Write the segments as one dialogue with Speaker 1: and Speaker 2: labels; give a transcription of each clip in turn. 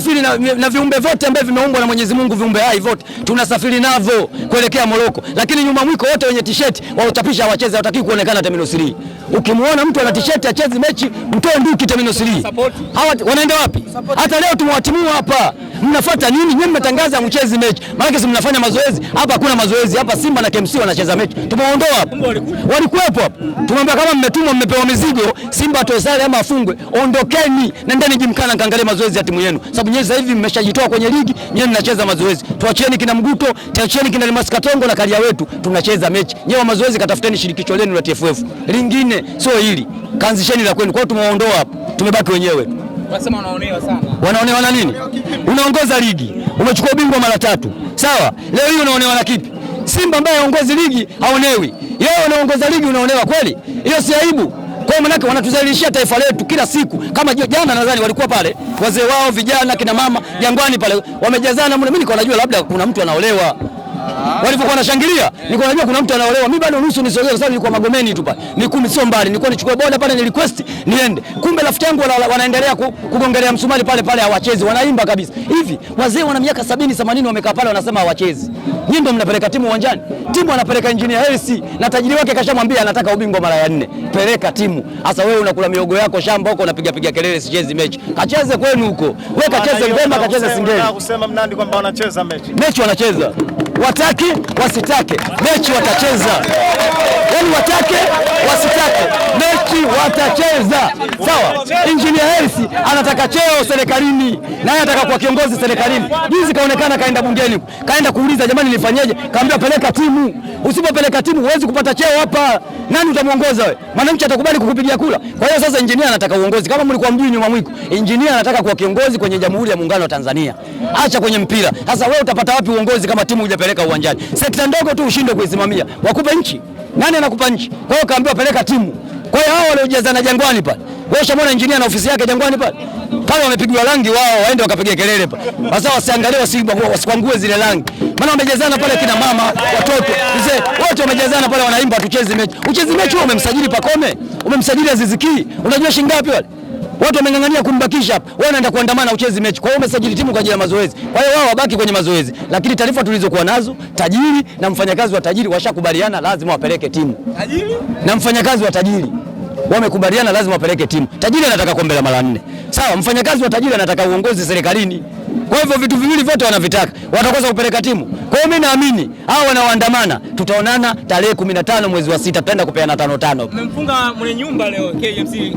Speaker 1: tunasafiri na, na viumbe vyote ambavyo vimeumbwa na Mwenyezi Mungu, viumbe hai vyote tunasafiri navyo kuelekea Moroko, lakini nyuma mwiko wote wenye tisheti walochapisha wacheze hawataki kuonekana Terminal 3. Ukimwona mtu ana t-shirt achezi mechi, mtoe nduki Terminal 3. Hawa wanaenda wapi? Hata leo tumewatimua hapa mnafuata nini nyinyi? mmetangaza mchezi mechi, maana si mnafanya mazoezi hapa? Hakuna mazoezi hapa, Simba na KMC wanacheza mechi, tumeondoa hapa, walikuwepo hapa. Tumwambia kama mmetumwa, mmepewa mizigo, Simba atoe sare ama afungwe, ondokeni, nendeni jimkana, kaangalie mazoezi ya timu yenu, sababu nyinyi sasa hivi mmeshajitoa kwenye ligi, nyinyi mnacheza mazoezi. Tuachieni kina Mguto, tuachieni kina Limas Katongo na kalia wetu, tunacheza mechi. Nyinyi wa mazoezi, katafuteni shirikisho lenu la TFF lingine, sio hili. Kaanzisheni la kwenu kwao, tumeondoa hapo, tumebaki wenyewe.
Speaker 2: Unasema wanaonewa sana.
Speaker 1: Wanaonewa na nini? Unaongoza ligi, umechukua ubingwa mara tatu, sawa? Leo hii unaonewa na kipi? Simba ambaye haongozi ligi haonewi, yeye unaongoza ligi unaonewa kweli? Hiyo si aibu? Kwa hiyo manake wanatuzalishia taifa letu kila siku. Kama jana nadhani walikuwa pale wazee wao vijana kina mama Jangwani pale wamejazana mimi niko najua labda kuna mtu anaolewa walivyokuwa wanashangilia, nilikuwa najua kuna mtu anaolewa. Mimi bado nusu nisogea, kwa sababu nilikuwa Magomeni tu pale, ni kumi, sio mbali. Nilikuwa nichukue boda pale, ni request niende, kumbe rafiki yangu wanaendelea kugongelea msumari pale pale, hawachezi, wanaimba kabisa hivi. Wazee wana miaka 70 80 wamekaa pale, wanasema hawachezi. Nyinyi ndio mnapeleka timu uwanjani, timu anapeleka engineer AC na tajiri wake kashamwambia anataka ubingwa mara ya nne. Peleka timu hasa, wewe unakula miogo yako shamba huko, unapiga piga kelele, sichezi mechi. Kacheze kwenu huko, wewe kacheze Ngoma, kacheze Singeli. Unataka
Speaker 2: kusema Mnandi kwamba wanacheza mechi?
Speaker 1: Mechi wanacheza watake wasitake, mechi watacheza. Yani watake wasitake, mechi watacheza. Sawa, Injinia Hersi anataka cheo serikalini, naye anataka kuwa kiongozi serikalini. Juzi kaonekana kaenda bungeni, kaenda kuuliza jamani, nilifanyaje? Kaambia peleka timu. Usipopeleka timu huwezi kupata cheo hapa. Nani utamwongoza wewe? Mwananchi atakubali kukupigia kula? Kwa hiyo sasa Injinia anataka uongozi, kama mlikuwa mjui nyuma mwiko, Injinia anataka kuwa kiongozi kwenye Jamhuri ya Muungano wa Tanzania, acha kwenye mpira. Sasa wewe utapata wapi uongozi kama timu hujapeleka kupeleka uwanjani. Sekta ndogo tu ushindwe kuisimamia, wakupe nchi? Nani anakupa nchi? Kwa hiyo kaambiwa peleka timu. Kwa hiyo hao waliojazana Jangwani pale, wewe ushamwona injinia na ofisi yake Jangwani pale pale, wamepigwa rangi wao, waende wakapiga kelele pale. Sasa wasiangalie, wasikwangue zile rangi, maana wamejazana pale, kina mama, watoto, mzee, wote wamejazana pale, wanaimba tucheze mechi. Ucheze mechi wewe, umemsajili Pakome, umemsajili Aziziki, unajua shilingi ngapi wale Watu wameng'ang'ania kumbakisha wewe unaenda kuandamana, uchezi mechi. Kwa hiyo umesajili timu kwa ajili ya mazoezi, kwa hiyo wao wabaki kwenye mazoezi. Lakini taarifa tulizokuwa nazo, tajiri na mfanyakazi wa tajiri washakubaliana, lazima wapeleke timu. Tajiri na mfanyakazi wa tajiri wamekubaliana, lazima wapeleke timu. Tajiri anataka kombe la mara nne, sawa. Mfanyakazi wa tajiri anataka uongozi serikalini. Kwa hivyo vitu viwili vyote wanavitaka, watakosa kupeleka timu. Kwa hiyo mimi naamini hao wanaoandamana, tutaonana tarehe 15 mwezi wa sita, tutaenda kupeana tano tano.
Speaker 2: Mmemfunga mwenye nyumba leo KMC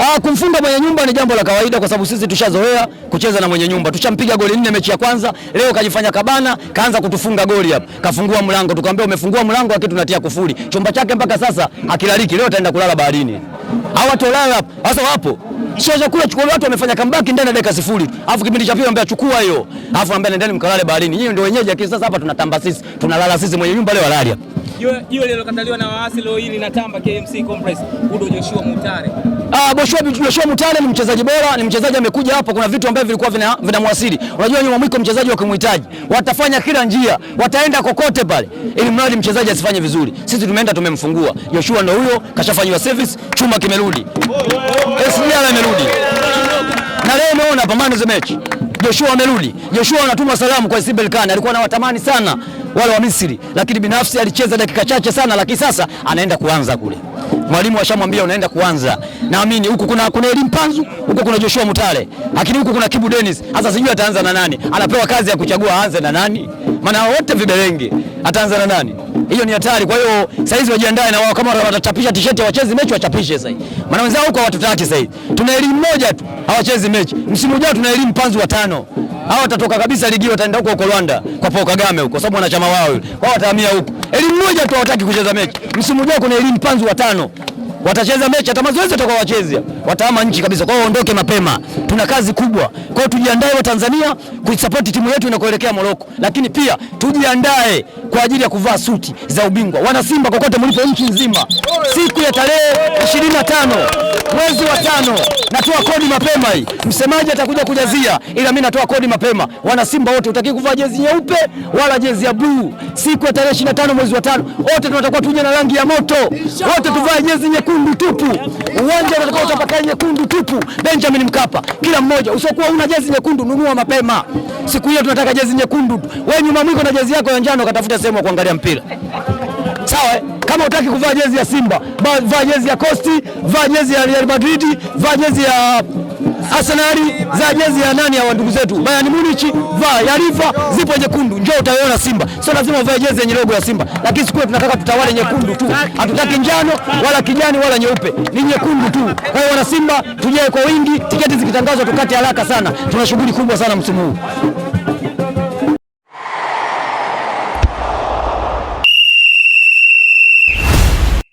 Speaker 1: Ah, kumfunga mwenye nyumba ni jambo la kawaida kwa sababu sisi tushazoea kucheza na mwenye nyumba. Tushampiga goli nne mechi ya kwanza, leo kajifanya kabana, kaanza kutufunga goli hapa. Kafungua mlango, tukamwambia umefungua mlango lakini tunatia kufuli. Chumba chake mpaka sasa akilaliki, leo ataenda kulala baharini. Hawa Hawatolala hapa. Sasa wapo. Sasa kule chukua watu wamefanya comeback ndani ya dakika sifuri. Alafu kipindi cha pili anambia chukua hiyo. Alafu anambia nendeni mkalale baharini. Nyinyi ndio wenyeji lakini sasa hapa tunatamba sisi. Tunalala sisi mwenye nyumba leo alali hapa.
Speaker 2: Jiwe lilokataliwa na waasi leo hili linatamba KMC Complex. Udo Joshua Mutare.
Speaker 1: Uh, Joshua Mutale ni mchezaji bora, ni mchezaji amekuja hapa, kuna vitu ambavyo vilikuwa vina vinamwasili. Unajua nyuma mwiko mchezaji wakimhitaji, watafanya kila njia, wataenda kokote pale, ili mradi mchezaji asifanye vizuri. Sisi tumeenda tumemfungua Joshua, ndio huyo kashafanywa service, chuma kimerudi, SDR amerudi, na leo umeona hapa man of the match Joshua amerudi. Joshua anatuma salamu kwa Sibel Khan, alikuwa anawatamani sana wale wa Misri, lakini binafsi alicheza dakika chache sana, lakini sasa anaenda kuanza kule mwalimu ashamwambia unaenda kuanza. Naamini huku kuna kuna Elim Panzu, huku kuna Joshua Mutale, lakini huku kuna Kibu Dennis. Sasa sijui ataanza na nani, anapewa kazi ya kuchagua aanze na nani, maana wote vibelengi, ataanza na nani? hiyo ni hatari. Kwa hiyo saizi wajiandae na wao, kama watachapisha tisheti wachezi mechi wachapishe sasa hivi, maana wenzao huko hawatutaki sasa hivi. Tuna elimu moja tu, hawachezi mechi. Msimu ujao tuna elimu panzu watano, hawa watatoka kabisa ligi, wataenda huko huko Rwanda kwa Paul Kagame huko, sababu wanachama wao yule, wao watahamia huko. Elimu moja tu, hawataki kucheza mechi. Msimu ujao kuna elimu panzu watano watacheza mechi, hata mazoezi watakuwa wachezea, watahama nchi kabisa. Kwao waondoke mapema, tuna kazi kubwa. Kwa hiyo tujiandae wa Tanzania kuisapoti timu yetu inakoelekea Moroko, lakini pia tujiandae kwa ajili ya kuvaa suti za ubingwa. Wana Simba kokote mlipo nchi nzima, siku ya tarehe 25 mwezi wa tano natoa kodi mapema hii. Msemaji atakuja kujazia, ila mimi natoa kodi mapema. Wana Simba wote utaki kuvaa jezi nyeupe wala jezi ya bluu. Siku ya tarehe 25 mwezi wa tano wote tunatakuwa tuje na rangi ya moto, wote tuvae jezi nyekundu tupu. Uwanja unatakiwa utapakaa nyekundu tupu, Benjamin Mkapa. Kila mmoja usiokuwa una jezi nyekundu nunua mapema. Siku hiyo tunataka jezi nyekundu. Wewe nyuma mwiko na jezi yako ya njano, katafuta sehemu ya kuangalia mpira sawa. Kama utaki kuvaa jezi ya Simba, vaa jezi ya Kosti, vaa jezi ya Real Madrid, vaa jezi ya Arsenali, za jezi ya nani ya ndugu zetu Bayern Munich, vaa ya Rifa, zipo nyekundu, njoo utaiona Simba. Sio lazima uvae jezi yenye logo ya Simba, lakini siku tunataka tutawale nyekundu tu, hatutaki njano wala kijani wala nyeupe, ni nyekundu tu. Kwa hiyo wana Simba, tujae kwa wingi, tiketi zikitangazwa tukate haraka sana, tuna shughuli kubwa sana msimu huu.